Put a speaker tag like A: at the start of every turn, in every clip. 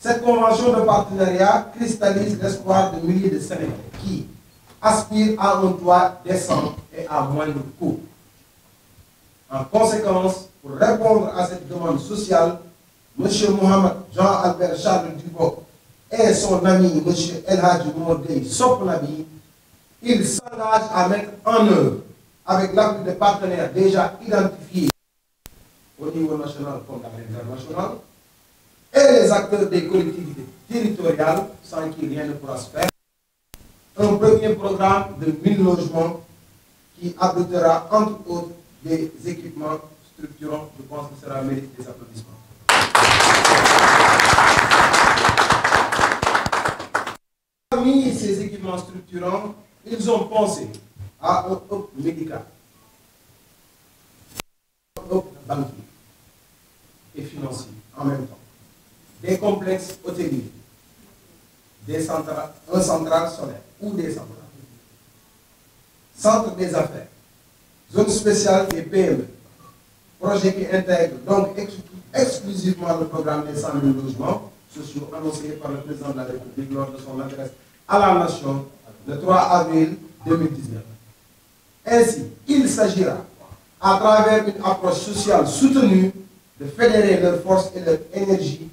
A: Cette convention de partenariat cristallise l'espoir de milliers de Sénégalais qui aspirent à un droit décent et à moindre coût. En conséquence, pour répondre à cette demande sociale, M. Mohamed Jean-Albert Charles Duboc et son ami M. Elhadj Moudei Sopnabi, ils s'engagent à mettre en œuvre, avec l'appui des partenaires déjà identifiés, au niveau national comme à l'international, et les acteurs des collectivités territoriales, sans qui rien ne pourra se faire, un premier programme de 1000 logements qui abritera entre autres des équipements structurants. Je pense que cela mérite des applaudissements. Parmi ces équipements structurants, ils ont pensé à un hub médical, un banquier, et financiers en même temps, des complexes hôteliers, des centrales, un central solaire ou des centrales, centre des affaires, zone spéciale et PME, projet qui intègre donc exclusivement le programme des 100 000 logements sociaux annoncé par le président de la République lors de son adresse à la nation le 3 avril 2019. Ainsi, il s'agira, à travers une approche sociale soutenue, de fédérer leurs forces et leur énergie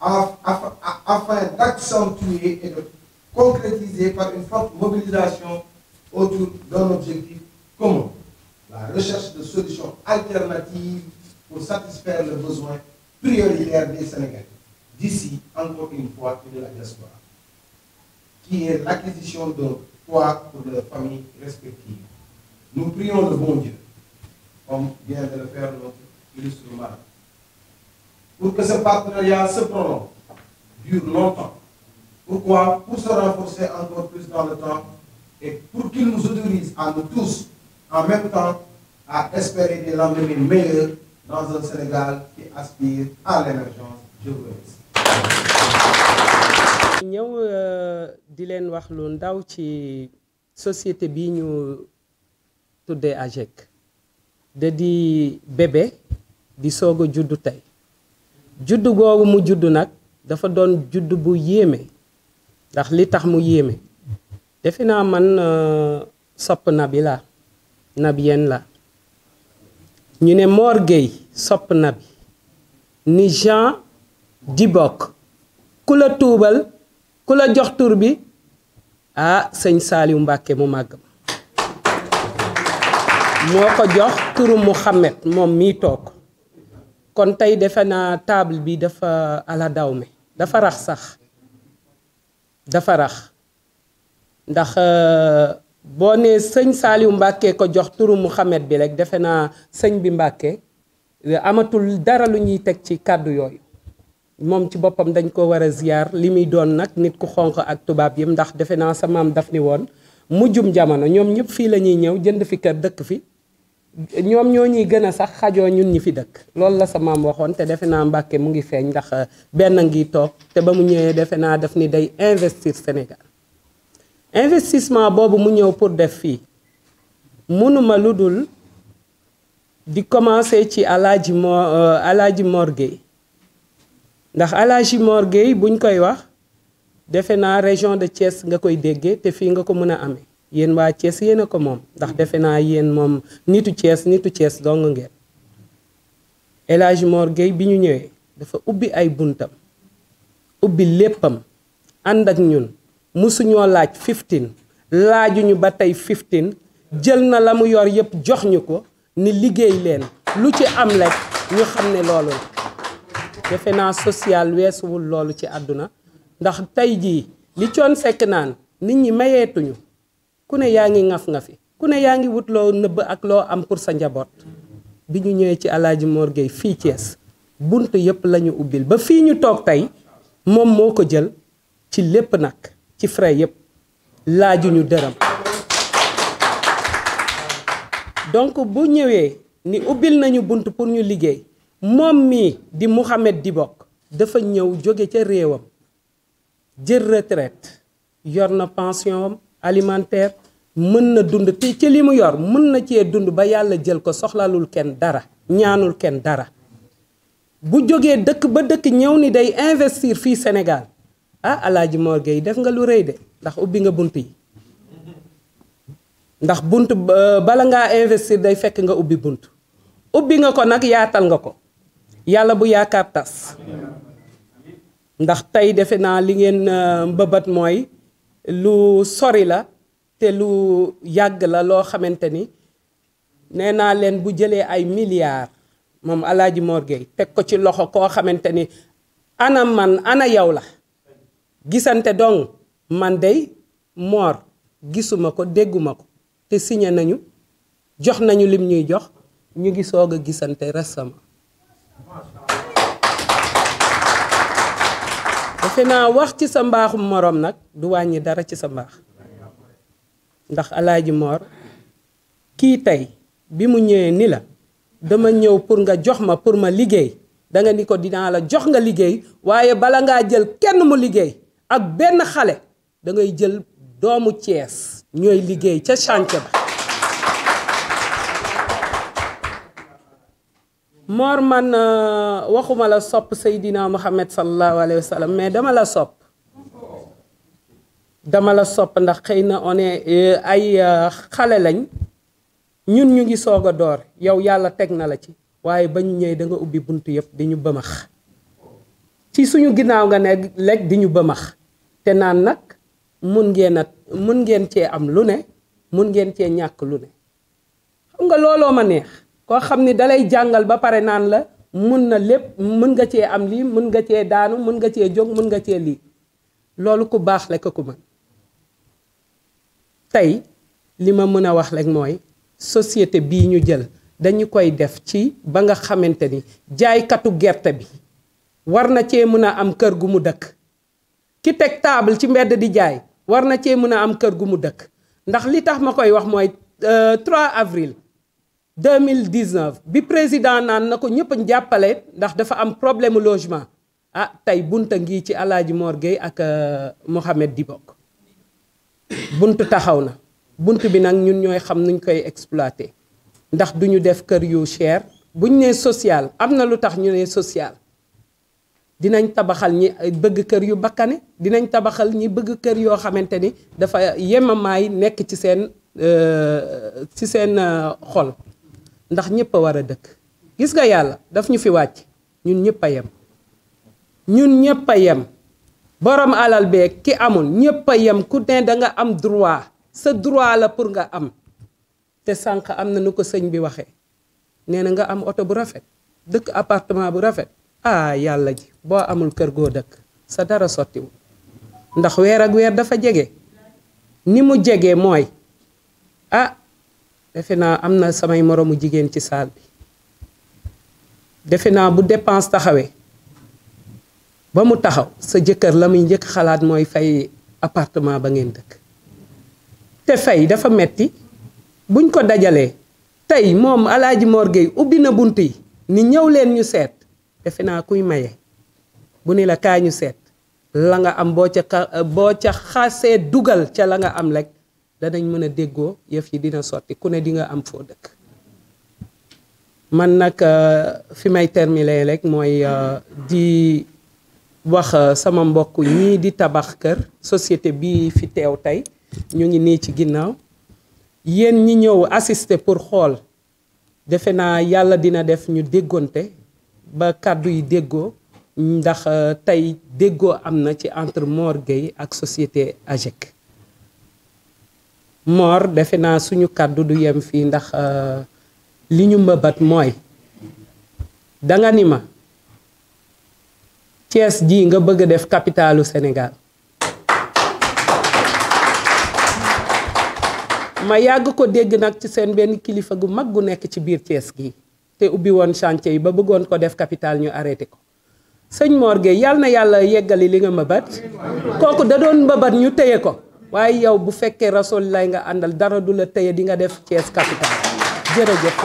A: afin d'accentuer et de concrétiser par une forte mobilisation autour d'un objectif commun, la recherche de solutions alternatives pour satisfaire le besoin prioritaire des Sénégalais, d'ici encore une fois et de la diaspora, qui est l'acquisition de poids pour leurs familles respectives. Nous prions le bon Dieu, comme vient de le faire notre pour que ce partenariat se prolonge, dure longtemps. Pourquoi Pour se renforcer encore plus dans le temps et pour qu'il nous autorise à nous tous, en même temps, à espérer des lendemains meilleurs dans un Sénégal qui aspire à l'émergence. Je vous remercie.
B: Euh, di société bi ñu e di di sogo juddu tay juddu gogu mu juddu nak dafa don juddu bu yeme ndax li tax mu yeme defina man euh, sop nabi la nabiyeen la ñu ne Mor gay sop nabi ni Jean dibok kula ku kula jox tour bi ah seigne saliou mbake mu mag moko jox turu Muhammad mom mi tok kon tey defe naa table bi dafa ala dawme dafa rax sax dafa rax ndax euh, boo nee sëñ Saliou Mbacke ko jox turu Mouhamed bi rek defe naa sëñ bi Mbacke euh, amatul dara lu ñuy teg ci kàddu yooyu moom ci boppam dañ ko war a ziyaar li muy doon nag nit ku xonq ak tubaab yim ndax defe naa sa maam daf ni woon mujjum jamono ñoom ñëpp fii la ñuy ñëw jënd fi kër dëkk fi ñoom ñoo ñuy gën a sax xajoo ñun ñi fi dëkk loolu la sa maam waxoon te defe naa Mbàkke mu ngi feeñ ndax euh, benn ngi toog te ba mu ñëwee defe naa daf ni day investir Sénégal investissement boobu mu ñëw pour def fii mënuma lu dul di commencer ci alaaji Mor euh, alaaji Mor ndax alaaji Mor Gueye buñ koy wax defe naa région de Thiès nga koy déggee te fii nga ko mën a amee yéen waa Thiès yéen ko moom ndax defe naa yéen moom nitu Thiès nitu Thiès dong ngeen El Hadj bi ñu ñëwee dafa ubbi ay buntam ubbi léppam ànd ak ñun musuñoo laaj 15 laajuñu ba tey 15 jël na la mu yor yépp jox ñu ko ni liggéey leen lu ci am rek ñu xam ne loolu la defe naa social weesuwul loolu ci àdduna ndax tey jii li coon sekk naan nit ñi mayeetuñu ku ne yaa ngi ŋaf ŋafi ku ne yaa ngi wut loo nëbb ak loo am pour sa njaboot bi ñu ñëwee ci alaaji Mor fii cees bunt yëpp lañu ubbil ba fii ñu toog tey moom moo ko jël ci lépp nag ci frais yëpp laajuñu dërëm donc bu ñëwee ni ubbil nañu bunt pour ñu liggéey moom mii di Mouhamed Dibok dafa ñëw jóge ca réewam jël retraite yor na pension am alimentaire mën na dund te ci li mu yor mën na cee dund ba yàlla jël ko soxlalul kenn dara ñaanul kenn dara bu jógee dëkk ba dëkk ñëw ni day investir fii Sénégal ah Alaaji Mor Gueye def nga lu rëy de ndax ubbi nga bunt yi ndax bunt euh, bala ngaa investir day fekk nga ubbi bunt ubbi nga ko nag yaatal nga ko yàlla bu yaakaar tas ndax tey defe naa li ngeen euh, mbëbët mooy lu sori la te lu yàgg la loo xamante ni nee naa leen bu jëlee ay milliards moom Alaaji Mor Gueye teg ko ci loxo koo xamante ni ana man ana yow la gisante don man dey Mor gisuma ko dégguma ko te signé nañu jox nañu lim ñuy jox ñu ngi soog a gisante récemment defe wax ci sa mbaaxum morom nag du wàññi dara ci sa mbaax ndax alaaji Mor kii tey bi mu ñëwee ni la dama ñëw pour nga jox ma pour ma liggéey danga ni ko dinaa la jox nga liggéey waaye bala ngaa jël kenn mu liggéey ak benn xale dangay jël doomu Cees ñooy liggéey ca chantier ba Mor man euh, waxuma la sopp Seydina Muhammad sallallahu alayhi wa sallam mais dama la sopp dama la sopp ndax xëy na on est euh, ay euh, xale lañ ñun ñu ngi soog a door yow yàlla teg na la ci waaye ba ñu ñëwee danga ubbi bunt yëpp di ñu bëmax ci suñu ginnaaw nga ne lekk di ñu bëmax te naan nag mun ngeen a mun ngeen cee am lu ne mun ngeen cee ñàkk lu ne xam nga looloo ma neex koo xam ni dalay jàngal ba pare naan la mun na lépp mun nga cee am lii mun nga cee daanu mun nga cee jóg mun nga cee lii loolu ku baax la ko ku mën tey li ma mën a wax rek mooy societé bii ñu jël dañu koy def ci ba nga xamante ni jaaykatu gerte bi war na cee mën a am kër gu mu dëkk ki teg taabal ci mbedd di jaay war na cee mun a am kër gu mu dëkk ndax li tax ma koy wax mooy euh, trois avril 2019 bi président naan na ko ñëpp a jàppale ndax dafa am problème logement ah tey bunta ngi ci Alaaji Mor Gueye ak euh, Mohamed bokk bunt taxaw na bunt bi nag ñun ñooy xam nuñ koy exploité ndax duñu def kër yu cher buñ nee social am na lu tax ñu nee social dinañ tabaxal ñi bëgg kër yu bakkane dinañ tabaxal ñi bëgg kër yoo xamante ni dafa yemamaay nekk ci seen euh, ci seen euh, xol ndax ñëpp war a dëkk gis nga yàlla daf ñu fi wàcc ñun ñëpp a yem ñun ñëpp a yem borom alal beeg ki amul ñëpp a yem ku ne danga am droit sa droit la pour nga am te sànq am na nu ko sëñ bi waxee nee na nga am oto bu rafet dëkk appartement bu rafet ah yàlla ji boo amul kër goo dëkk sa dara sottiwul ndax weer ak weer dafa jege ni mu jege mooy ah defena amna sama na samay moroomu jigéen ci sal bi defena bu dépense taxawé ba mu taxaw sa jëkkeur lamuy jëk xalaat moy fay appartement ba ngeen dëkk té fay dafa metti buñ ko dajalé tay mom alaaji Mor ubina ubbi na ni ñew leen ñu sét defena kuy maye bu ni la kaa ñu la nga am bo ca bo ca xassé dugal ca la nga am lek danañ mën a déggoo yëf yi dina sotti ku ne di nga am foo dëkk man nag euh, fi may terminer rek mooy euh, di wax euh, sama mbokk ñii di tabax kër société bii fi teew tey ñu ngi nii ci ginnaaw yéen ñi ñëw assister pour xool defe naa yàlla dina def ñu déggoonte ba kàddu yi déggoo ndax tey déggoo am na ci entre Mor ak société AGEC Mor defena suñu kaddu du yem fi ndax euh, liñu ñu moy da danga ni ma ties ji nga bëgg def capitalu senegal ma yag ko deg nak ci sen ben kilifa gu mag gu nek ci bir ties gi te ubi won chantier yi ba bëggon ko def capital ñu arrêté ko sëñ morgue yalna yalla na li nga mbëbët koku da doon mbëbët ñu waaye yow bu fekkee rasol lay nga àndal dara du la teye di nga def Thiès capital jërëjëf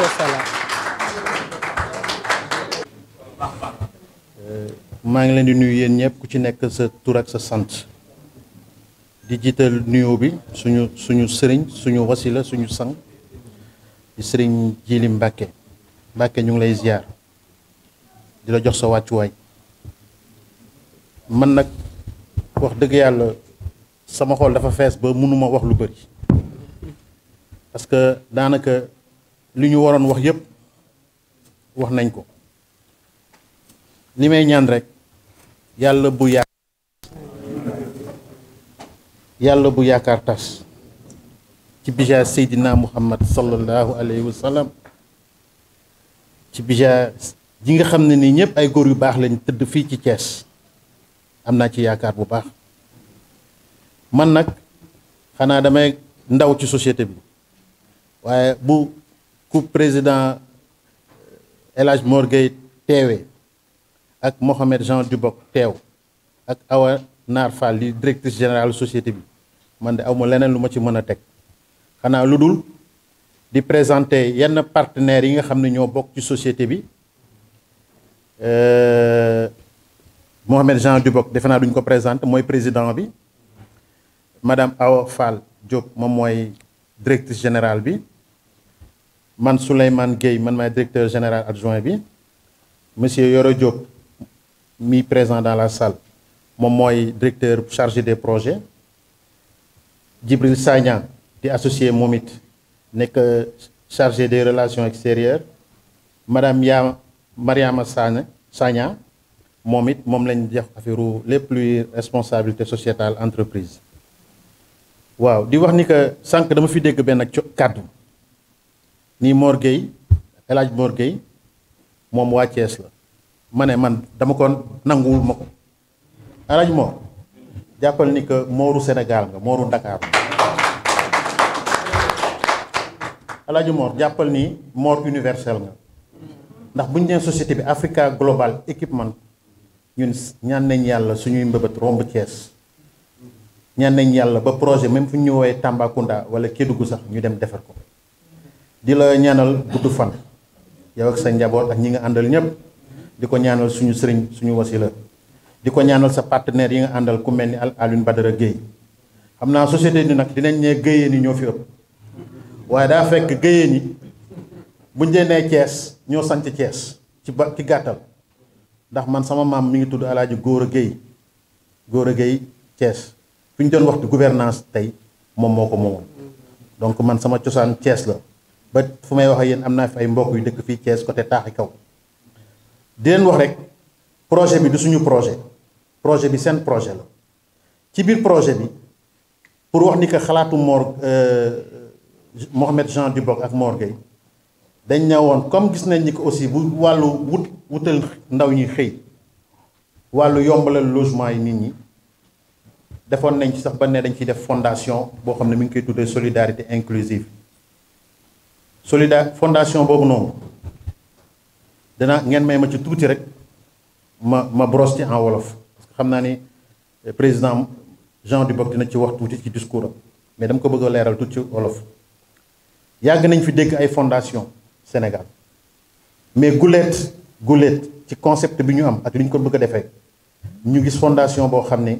B: euh,
C: maa ngi leen di nuyu yéen ñëpp ku ci nekk sa tur ak sa sant di jiital nuyo bi suñu suñu sëriñ suñu wasila suñu sang di sëriñ Jili Mbàkke Mbàkke ñu ngi lay ziar di la jox sa wàccuwaay man nag wax dëgg yàlla sama xool dafa fees ba mënuma wax lu bëri parce que daanaka li ñu waroon wax yépp wax nañ ko li may ñaan rek yàlla bu yaakaar yàlla bu yaakaar tas ci bija seydina muhammad sallallahu alayhi wa sallam ci bija ji nga xam ne nii ñëpp ay góor yu baax lañ tëdd fii ci Thiès am naa ci yaakaar bu baax man nak xana damay ndaw ci société bi waaye bu ku président euh, El Hadj Mor ak Mohamed Jean Dubok teew ak Awa Naar Fall di directrice générale société bi man de awma leneen lu ma ci mën a teg xanaa lu dul di présenter yenn partenaires yi nga xam ne ñoo bokk ci société bi euh, Mohamed Jean Dubok defe naa duñ ko présenter mooy président bi madame Awa Fall Diop directrice générale bi man Souleymane Gueye man directeur général adjoint bi monsieur Yoro Diop mi présent dans la salle mon directeur chargé des projets Djibril Sanya, associé Momit, n'est que chargé des relations extérieures madame Ya Mariama Sagna je suis le plus affaire sociétale entreprise Wow, di wax ni que sànq dama fi dégg benn kàddu ni Mor Gueye El Mor Gueye moom waa Thiès la ma ne man dama ko nanguwul ma ko El Hadj jàppal ni que mooru Sénégal nga mooru Dakar Elaj Hadj Mor jàppal ni Mor universel nga ndax bu ñu société bi Africa Global Équipement ñun ñaan nañ yàlla suñuy mbëbët romb ñaan nañ yàlla ba projet même fu ñëwee Tambacounda wala Kédougou sax ñu dem defar ko di la ñaanal gudd fan yow ak sa njaboot ak ñi nga andal ñëpp di ko ñaanal suñu sëriñ suñu wasila di ko ñaanal sa partenaire yi nga andal ku mel ni Alioune Badara Guèye xam naa société ni nag dinañ ne Guèye ni ñoo fi ëpp waaye daa fekk Guèye ni buñ dee nee ñoo sant Thiès ci ci ndax man sama mi ngi tudd El Hadj Gora Guèye Gora Guèye bi ñu doon wax gouvernance tey moom moo ko moomoon donc man sama cosaan Thiès la ba fu may wax yéen am naa fi ay mbokk yu dëkk fii Thiès côté taaxi kaw di leen wax rek projet bi du suñu projet projet bi seen projet la ci biir projet bi pour wax ni que xalaatu Mor euh, Mohamed Jean Duboc ak Mor Gueye dañ ne comme gis nañ ni ko aussi bu wàllu wut wutal ndaw ñi xëy wàllu yombalal logement yi nit ñi defoon nañ ci sax ba ne dañ ci def fondation boo xam ne mi ngi koy tuddee solidarité inclusive solidar fondation boobu noonu dana ngeen may ma ci tuuti rek ma ma brosse en wolof parce que xam naa ni eh, président Jean Duboc dina ci wax tuuti ci discours am mais dama ko bëgg a leeral tuuti ci wolof yàgg nañ fi dégg ay fondation Sénégal mais guleet guleet ci concept bi ñu am ak li ñu ko bëgg a defee ñu gis fondation boo xam ne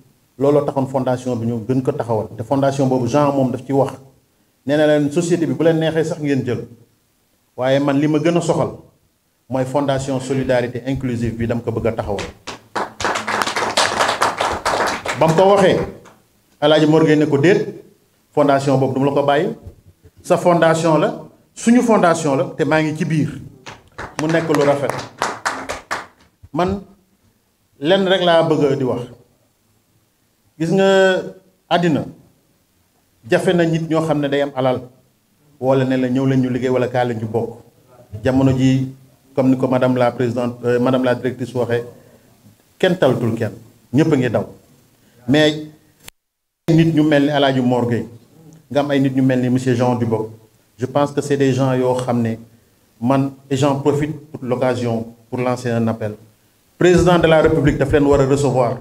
C: looloo taxoon fondation bi ñu gën ko taxawal te fondation boobu Jean moom dafa ci wax nee na leen société bi bu leen neexee sax ngeen jël waaye man li ma gën a soxal mooy fondation solidarité inclusive bi dama ko bëgg a taxawal. ba mu ko waxee El Hadj Mor Gueye ne ko déet fondation boobu duma la ko bàyyi sa fondation la suñu fondation la te maa ngi ci biir mu nekk lu rafet man lenn rek laa bëgg di wax. gis nga àddina jafe na nit ñoo xam day am alal wala ne la ñew lañ ñu liggéey wala kaa lañ ñu bokk jamono ji comme ni ko madame la présidente euh, madame la directrice waxee kenn talatul ken ñepp a ngi daw mais nit ñu melni ni El Hadj Mor nga am ay nit ñu melni monsieur Jean Duboc je pense que c'est des gens yo xam man et j'en profite pour l'occasion pour lancer un appel président de la république daf leen wara recevoir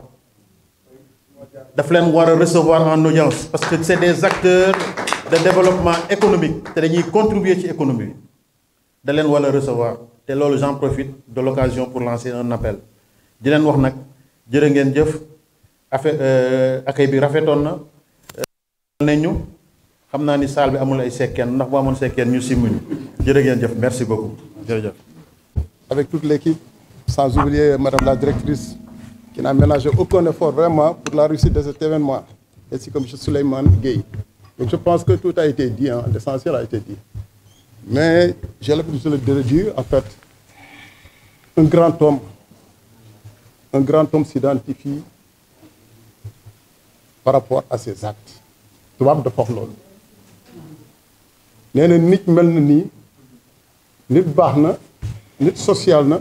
C: daf leen recevoir en audience parce que c'est des acteurs de développement économique te dañuy contribuer ci économie bi da recevoir Et loolu j'en profite de l'occasion pour lancer un appel di leen wax nag jërë ngeen jëf affaire euh, accueil bi rafetoon na euh, ne ñu xam naa ni salle bi amul ay sekkeen ndax bu amoon sekkeen ñu simmuñu jërë ngeen merci beaucoup avec toute l'équipe sans oublier madame la directrice qui n'a ménagé
D: aucun effort vraiment pour la réussite de cet événement, ainsi comme M. Suleiman Gay. Donc je pense que tout a été dit, hein. l'essentiel a été dit. Mais j'ai plus de le dire, en fait, un grand homme, un grand homme s'identifie par rapport à ses actes. Tu vas wax loolu nee na nit mel ni nit pas nit social na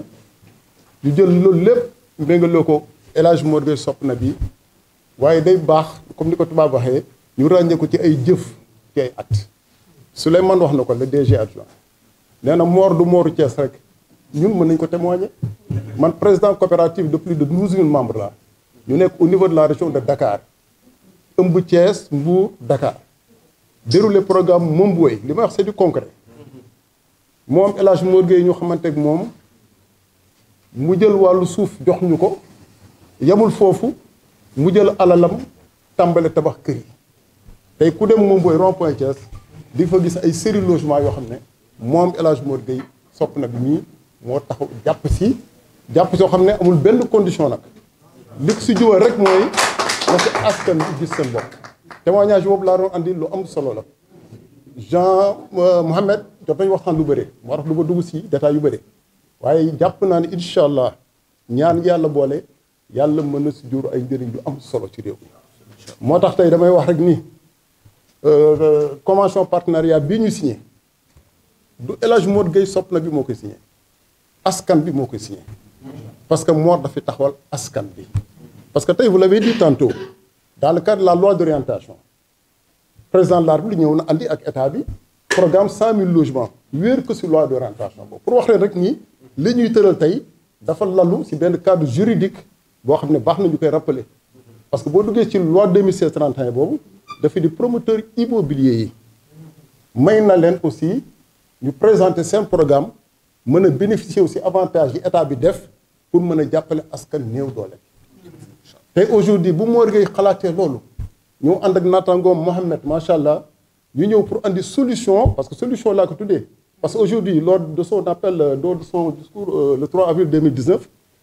D: ñu jël Elhadji Mor Gueye sopp na bi waye day bax comme ni ko tubaab waxee ñu ràññee ko ci ay jëf ci ay at Souleymane wax nako le DG adjoint nee na moor du mooru Thiès rek ñun mën nañ ko témoigner man président coopérative de plus de douze mille membres là ñu nekk au niveau de la région de Dakar ëmb Thiès Mbour Dakar déroulé programme moom bu li may wax c'est du concret mom Elhadji Mor ñu xamanté ak moom mu jël walu souf jox ñuko ko yamul fofu mu jël alalam tàmbale tabax kër yi tay ku dem mom boy rond point Thiès di fa gis ay série logement yo xamné mom elage El Hadj Mor Gueye sopp nag ñii moo taxaw jàpp ci jàpp so xamné amul benn condition nak li ko jowa rek moy na si askan bi gis seen bok témoignage bob la ron andi lu am solo la Jean mohammed jot nañu waxtan lu bëri mo wax lu ba dugg si détail yu bëri waye jàpp naa inshallah ñaan yàlla boole yalla mën na si jur ay njëriñ lu am solo ci réew mi moo tax tey damay wax rek ni euh, convention partenariat bi ñu signé du El Hadj Modou Gueye bi moo koy signé askan bi moo koy signé parce que Mor dafi taxawal askan bi parce que tey vous l'avez dit tantôt dans le cadre de la loi d'orientation président de la République ñëw na andi ak état bi programme 100 000 logements wéer ko si loi d'orientation boobu pour wax leen rek ni li ñuy tëral tey dafa lalu si benn cadre juridique boo xam a rappeler parce que vous vous ci loi 2016 31 boobu dafa di promoteur immobilier yi may aussi ñu présenter un programme mën a bénéficier aussi avantage yi état bi def pour mën à ce que nous doole. Et aujourd'hui bu vous Gueye xalaatee loolu nous avons ak naataangoom Mohamed macha allah ñu pour andi solution parce que solution laa parce que lors de son appel euh, lors de son discours euh, le 3 avril 2019.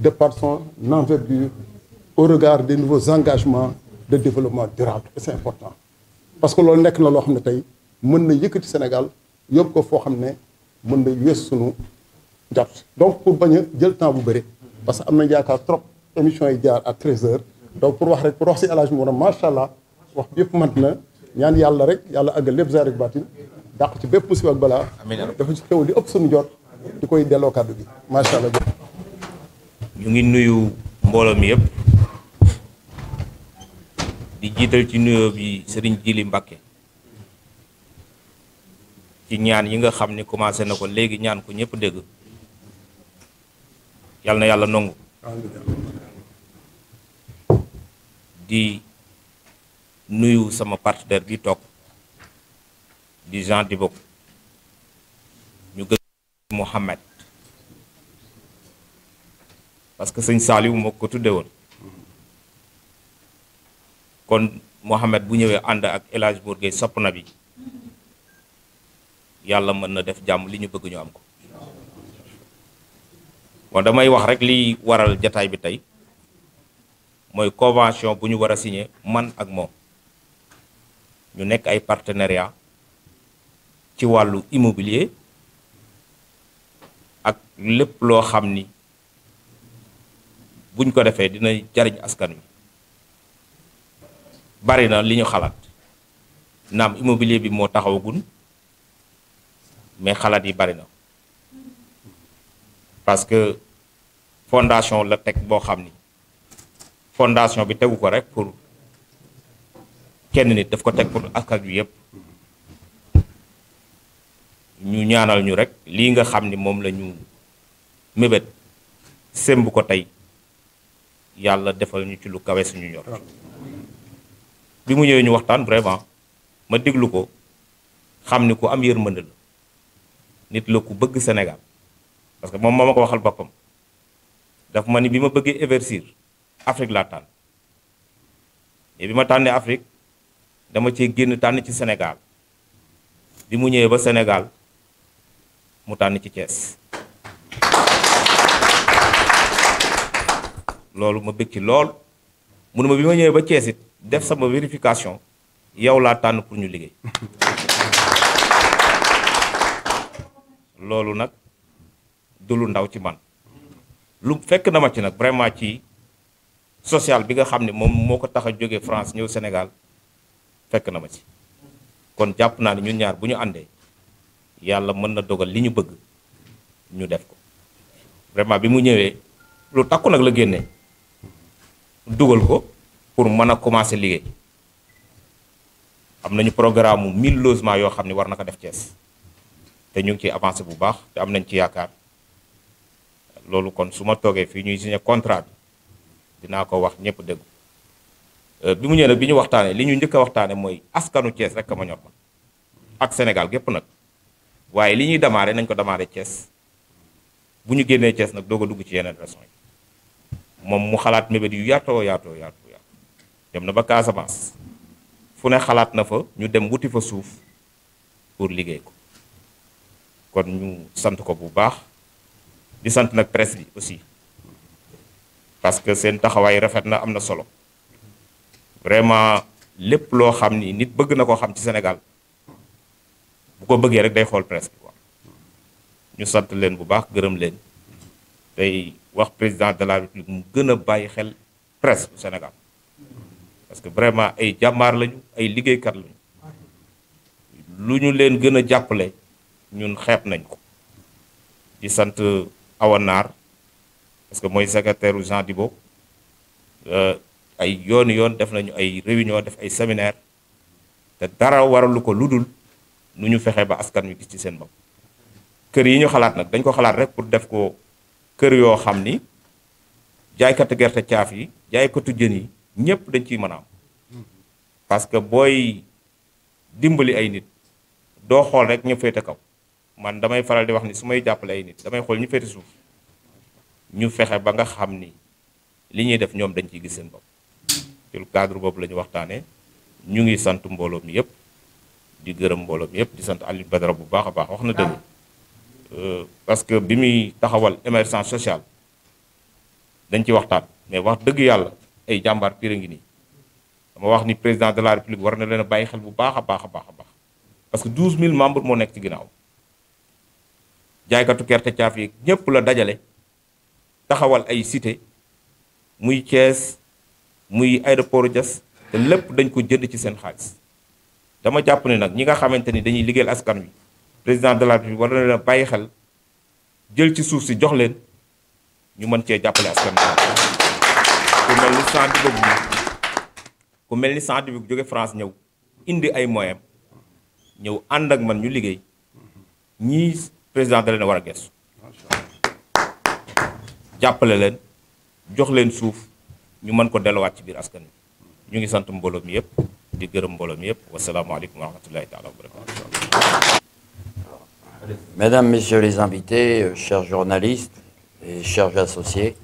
D: de par son envergure au regard des nouveaux engagements de développement durable c'est important parce que loolu nekk na loo xam ne tey mën na yëkkati Sénégal yóbbu ko foo xam ne mën na wees sunu jàpp donc pour bañ a jël temps bu bëri parce que am na trop émission yi jaar à 13 heures donc pour wax rek pour wax si El Hadj Mawone macha allah wax bi yëpp na ñaan yalla rek yalla agal lepp zaar ak baatin dàq ci bépp ci wak bala amiin dafa ci xew li ëpp sunu jot di koy delloo bi gi allah.
E: ñu ngi nuyu mbooloo mi yëpp di jiital ci nuyoo bi sëriñ Jili Mbàkke ci ñaan yi nga xam ni commencé na ko léegi ñaan ko ñëpp dégg yal na yàlla nongu di nuyu sama partenaire bi toog di Jean Dibo ñu gën Mouhamed parce que seigne saliw moko tudde won kon mohammed bu ñewé and ak elage bourgay sop Gueye sopp na bi mën na def jamm li ñu bëgg ñu am ko wa damay wax rek li waral jotaay bi tay moy convention bu ñu wara man ak moom ñu nek ay partenariat ci walu immobilier ak lepp lo xamni buñ ko defee dina jariñ askan wi bari na li ñu xalaat naam immobilier bi moo taxawagun mais xalaat yi bari na parce que fondation la teg boo xam ni fondation bi tegu ko rek pour kenn nit daf ko teg pour askan wi yépp ñu ñaanal ñu rek lii nga xam ni moom la ñu mébét sémb ko tey yàlla defal ñu ci lu kawee suñu ñor bi mu ñëwee ñu waxtaan vraiment ma déglu ko xam ni ku am yërmande la nit la ku bëgg Sénégal parce que moom moo ma ko waxal boppam daf ma ni bi ma bëggee éversir Afrique laa tànn mais bi ma tànnee Afrique dama cee génn tànn ci senegaal bi mu ñëwee ba senegaal mu tànn ci Thiès. loolu ma bëgg ci lool munuma bi ma ba def sama vérification yow laa tànn pour ñu liggéey loolu nag du ndaw ci man lu fekk na ma ci nag vraiment ci social bi nga xam ne France ñëw Sénégal fekk na ma ci kon jàpp na ne ñun ñaar bu ñu àndee yàlla mën na dogal li ñu bëgg ñu def ko vraiment bi mu ñëwee lu takku la dugal ko pour mën a commencer liggéey am nañu programme mu 1000 logements yoo xam ne war na ko def cees te ñu ngi ciy avancé bu baax te am nañ ci yaakaar loolu kon su ma toogee fii ñuy signé contrat bi dinaa ko wax ñëpp dégg euh, bi mu ñëwee nag bi ñu waxtaanee li ñu njëkk a waxtaanee mooy askanu Thiès rek ka ma ñor ak Sénégal gépp nag waaye li ñuy démarrer nañ ko démarrer cees bu ñu génnee cees nag doog a dugg ci yeneen régions yi. moom mu xalaat mébét yu yaatoo yaatoo yaatoo yaatoo dem na ba Casamance fu ne xalaat na fa ñu dem wuti fa suuf pour liggéey ko kon ñu sant ko bu baax di sant nag presse bi aussi parce que seen taxawaay rafet na am na solo vraiment lépp loo xam ni nit bëgg na ko xam ci Sénégal bu ko bëggee rek day xool presse bi quoi ñu sant leen bu baax gërëm leen tey wax président de la république mu gën a bàyyi xel presque bu Sénégal parce que vraiment ay jàmbaar lañu ay liggéeykat lañu lu ñu leen gën a jàppale ñun xeeb nañ ko di sant Awa Naar parce que mooy secrétaire u Jean Dibo euh, ay yoon yoon def nañu ay réunion def ay séminaire te dara waralu ko lu dul nu ñu fexe ba askan wi gis ci seen bopp kër yi ñu xalaat nag dañ ko xalaat rek pour def ko kër yoo xam ni jaaykatu gerte caaf yi jaaykatu jën yi ñëpp dañ ciy mën a am parce que booy dimbali ay nit doo xool rek ñu féete kaw man damay faral di wax ni su may jàppale ay nit damay xool ñu féete suuf ñu fexe ba nga xam ni li ñuy def ñoom dañ ciy gis seen bopp ci cadre boobu la ñu waxtaanee ñu ngi sant mbooloo mi yëpp di gërëm mbooloo mi yëpp di sant Alioune Badara bu baax a baax wax na dëgg. Euh, parce que bi muy taxawal émergence sociale dañ ci waxtaan mais wax dëgg yàlla ay jàmbaar pire ngi nii dama wax ni président de la république war na leen a bàyyi xel bu baax a baax a baax a baax parce que 12000 membres moo nekk ci ginnaaw jaaykatu gerte caaf yi ñëpp la dajale taxawal ay cité muy Thiès muy aéroport Diass te lépp dañ ko jënd ci seen xaalis dama jàpp ne nag ñi nga xamante ni dañuy liggéeyal askan wi. président de la République war na leen bàyyi xel jël ci suuf si jox leen ñu mën cee jàppale askan ku mel ni scientifique bi ku mel ni scientifique bi jóge France ñëw indi ay moyens ñëw ànd ak man ñu liggéey ñii président da leen a war a gëstu jàppale leen jox leen suuf ñu man ko delluwaat ci biir askan wi ñu ngi sant mbooloo mi yëpp di gërëm mbooloo mi yëpp wasalaamaaleykum wa rahmatullahi taala wa
F: Mesdames, Messieurs les invités, euh, chers journalistes et chers associés,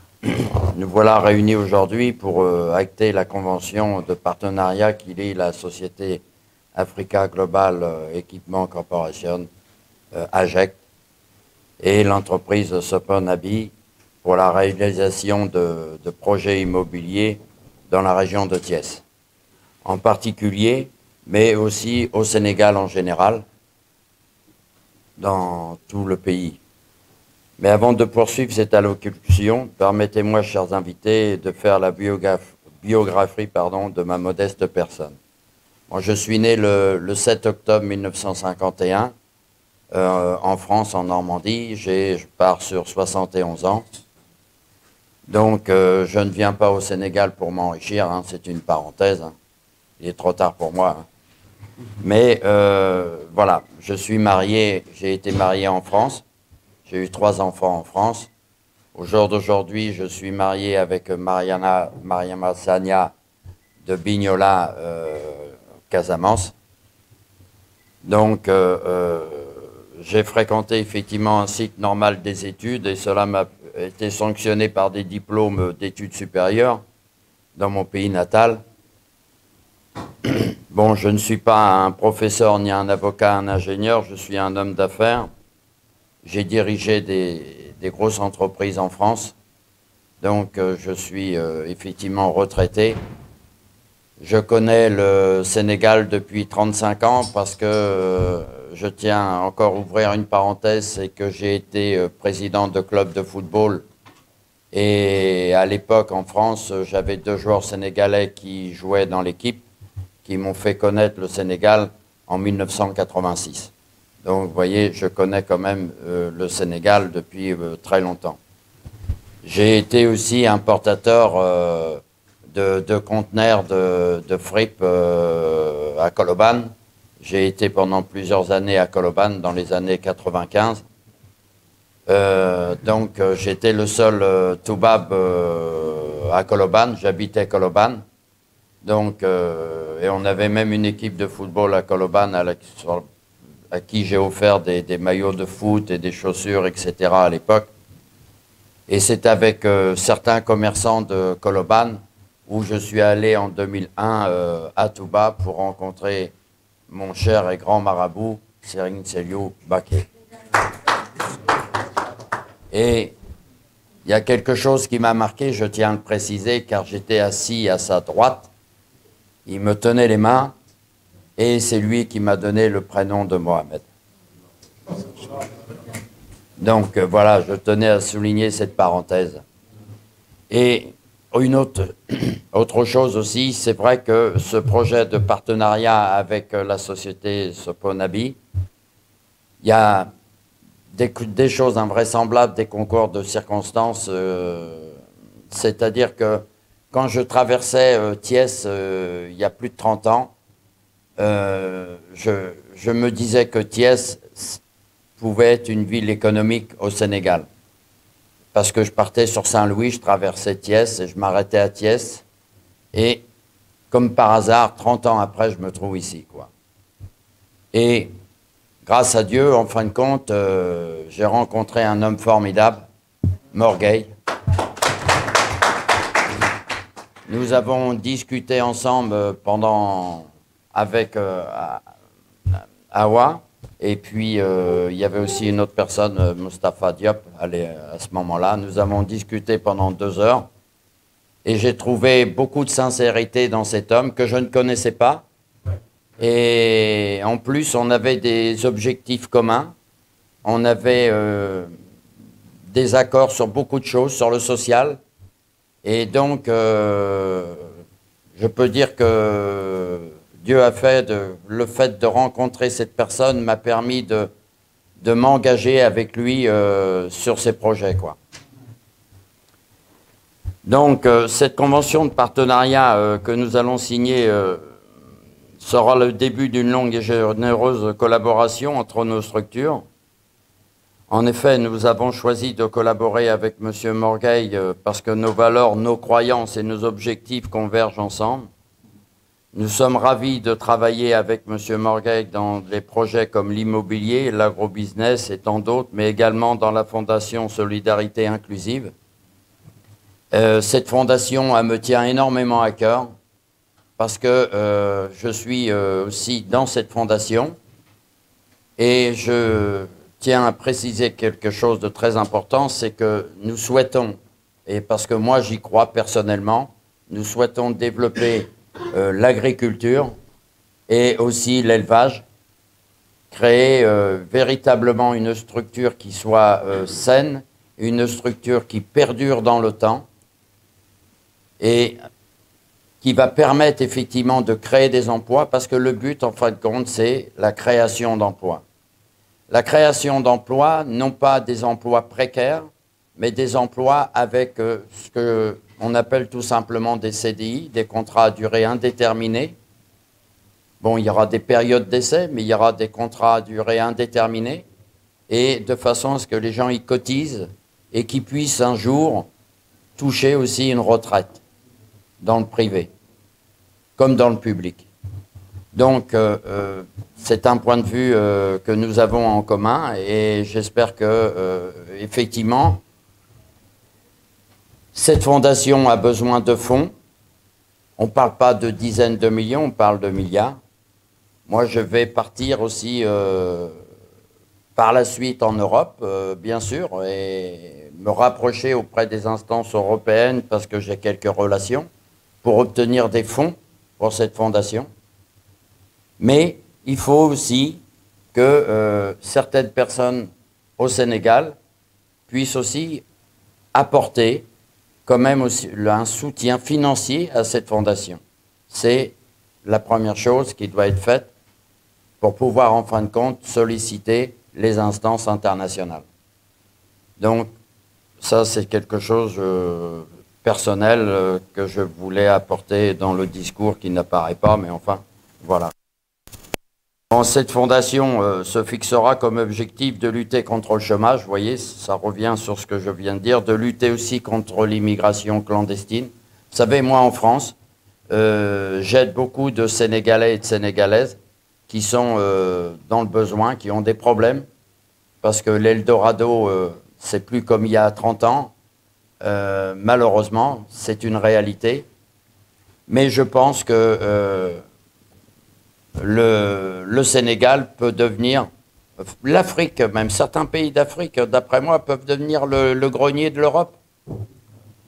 F: nous voilà réunis aujourd'hui pour euh, acter la convention de partenariat qui lie la société Africa Global euh, Equipment Corporation, AGEC, et l'entreprise Soponabi pour la réalisation de, de projets immobiliers dans la région de Thiès, en particulier, mais aussi au Sénégal en général, dans tout le pays. Mais avant de poursuivre cette allocution, permettez-moi, chers invités, de faire la biographie, pardon, de ma modeste personne. Moi, je suis né le, 7 octobre 1951 euh, en France, en Normandie. Je pars sur 71 ans. Donc, euh, je ne viens pas au Sénégal pour m'enrichir. Hein, c'est une parenthèse. Hein. Il est trop tard pour moi. Hein. Mais euh, voilà, je suis marié, j'ai été marié en France, j'ai eu trois enfants en France. Au jour d'aujourd'hui, je suis marié avec Mariana, Mariana de Bignola, euh, Casamance. Donc, euh, j'ai fréquenté effectivement un site normal des études et cela m'a été sanctionné par des diplômes d'études supérieures dans mon pays natal. Bon, je ne suis pas un professeur, ni un avocat, un ingénieur, je suis un homme d'affaires. J'ai dirigé des, grosses entreprises en France, donc euh, je suis euh, effectivement retraité. Je connais le Sénégal depuis 35 ans parce que euh, je tiens encore à ouvrir une parenthèse, c'est que j'ai été président de club de football. Et à l'époque, en France, j'avais deux joueurs sénégalais qui jouaient dans l'équipe qui m'ont fait connaître le Sénégal en 1986. Donc, vous voyez, je connais quand même euh, le Sénégal depuis euh, très longtemps. J'ai été aussi importateur euh, de, conteneurs de, de fripe à Koloban. J'ai été pendant plusieurs années à Koloban dans les années 95. donc, j'étais le seul Toubab à Coloban. J'habitais Coloban. Donc, euh, et on avait même une équipe de football à Koloban à, qui j'ai offert des, maillots de foot et des chaussures, etc. à l'époque. Et c'est avec euh, certains commerçants de Koloban où je suis allé en 2001 euh, à Touba pour rencontrer mon cher et grand marabout, Serine Selyou Baké. Et il y a quelque chose qui m'a marqué, je tiens à le préciser, car j'étais assis à sa droite il me tenait les mains et c'est lui qui m'a donné le prénom de Mohamed. Donc euh, voilà, je tenais à souligner cette parenthèse. Et une autre, autre chose aussi, c'est vrai que ce projet de partenariat avec euh, la société Soponabi, il y a des, choses invraisemblables, des concours de circonstances. Euh, c'est-à-dire que quand je traversais euh, Thiès euh, il y a plus de 30 ans, euh, je, me disais que Thiès pouvait être une ville économique au Sénégal. Parce que je partais sur Saint-Louis, je traversais Thiès et je m'arrêtais à Thiès. Et comme par hasard, 30 ans après, je me trouve ici. Quoi. Et grâce à Dieu, en fin de compte, j'ai rencontré un homme formidable, Morgueil, Nous avons discuté ensemble euh, pendant avec euh, Awa. Et puis, euh, il y avait aussi une autre personne, Mustafa Diop, à ce moment-là. Nous avons discuté pendant deux heures. Et j'ai trouvé beaucoup de sincérité dans cet homme que je ne connaissais pas. Et en plus, on avait des objectifs communs. On avait des accords sur beaucoup de choses, sur le social. Et donc, euh, je peux dire que Dieu a fait, le fait de rencontrer cette personne m'a permis de, m'engager avec lui euh, sur ses projets. Donc, euh, cette convention de partenariat que nous allons signer sera le début d'une longue et généreuse collaboration entre nos structures. En effet, nous avons choisi de collaborer avec M. Morgueil euh, parce que nos valeurs, nos croyances et nos objectifs convergent ensemble. Nous sommes ravis de travailler avec M. Morgueil dans des projets comme l'immobilier, l'agrobusiness et tant d'autres, mais également dans la Fondation Solidarité Inclusive. Euh, cette fondation me tient énormément à cœur parce que euh, je suis aussi dans cette fondation et je, tiens à préciser quelque chose de très important, c'est que nous souhaitons, et parce que moi j'y crois personnellement, nous souhaitons développer euh, l'agriculture et aussi l'élevage, créer euh, véritablement une structure qui soit euh, saine, une structure qui perdure dans le temps et qui va permettre effectivement de créer des emplois parce que le but en fin de compte c'est la création d'emplois la création d'emplois, non pas des emplois précaires, mais des emplois avec euh, ce ce qu'on appelle tout simplement des CDI, des contrats à durée indéterminée. Bon, il y aura des périodes d'essai, mais il y aura des contrats à durée indéterminée, et de façon à ce que les gens y cotisent et qu'ils puissent un jour toucher aussi une retraite dans le privé, comme dans le public. Donc, euh, euh, c'est un point de vue euh, que nous avons en commun et j'espère que, effectivement, cette fondation a besoin de fonds. On ne parle pas de dizaines de millions, on parle de milliards. Moi, je vais partir aussi par la suite en Europe, bien sûr, et me rapprocher auprès des instances européennes parce que j'ai quelques relations pour obtenir des fonds pour cette fondation. Mais il faut aussi que euh, certaines personnes au Sénégal puissent aussi apporter quand même aussi un soutien financier à cette fondation. C'est la première chose qui doit être faite pour pouvoir en fin de compte solliciter les instances internationales. Donc ça c'est quelque chose euh, personnel euh, que je voulais apporter dans le discours qui n'apparaît pas, mais enfin voilà cette fondation euh, se fixera comme objectif de lutter contre le chômage, vous voyez, ça revient sur ce que je viens de dire, de lutter aussi contre l'immigration clandestine. Vous savez, moi en France, euh, j'aide beaucoup de Sénégalais et de Sénégalaises qui sont euh, dans le besoin, qui ont des problèmes, parce que l'Eldorado, c'est plus comme il y a 30 ans. malheureusement, c'est une réalité. Mais je pense que le, Sénégal peut devenir, l'Afrique, même certains pays d'Afrique, d'après moi, peuvent devenir le, grenier de l'Europe.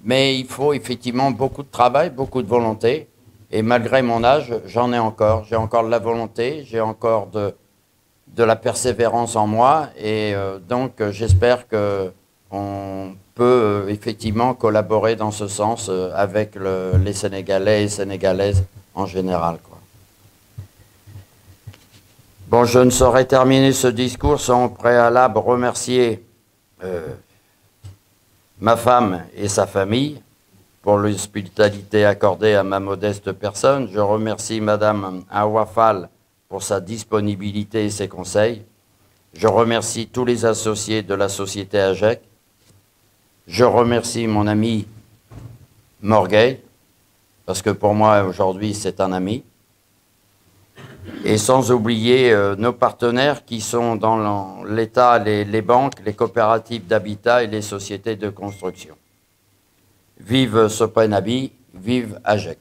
F: Mais il faut effectivement beaucoup de travail, beaucoup de volonté. Et malgré mon âge, j'en ai encore. J'ai encore de la volonté, j'ai encore de, la persévérance en moi. Et euh, donc, j'espère que on peut euh, effectivement collaborer dans ce sens euh, avec les Sénégalais et Sénégalaises en général. Bon, je ne saurais terminer ce discours sans au préalable remercier euh, ma femme et sa famille pour l'hospitalité accordée à ma modeste personne. Je remercie Madame Awafal pour sa disponibilité et ses conseils. Je remercie tous les associés de la société AGEC. Je remercie mon ami Morgueil, parce que pour moi aujourd'hui c'est un ami et sans oublier euh, nos partenaires qui sont dans l'État, les, les, banques, les coopératives d'habitat et les sociétés de construction. Vive Soprenabi, vive AGEC.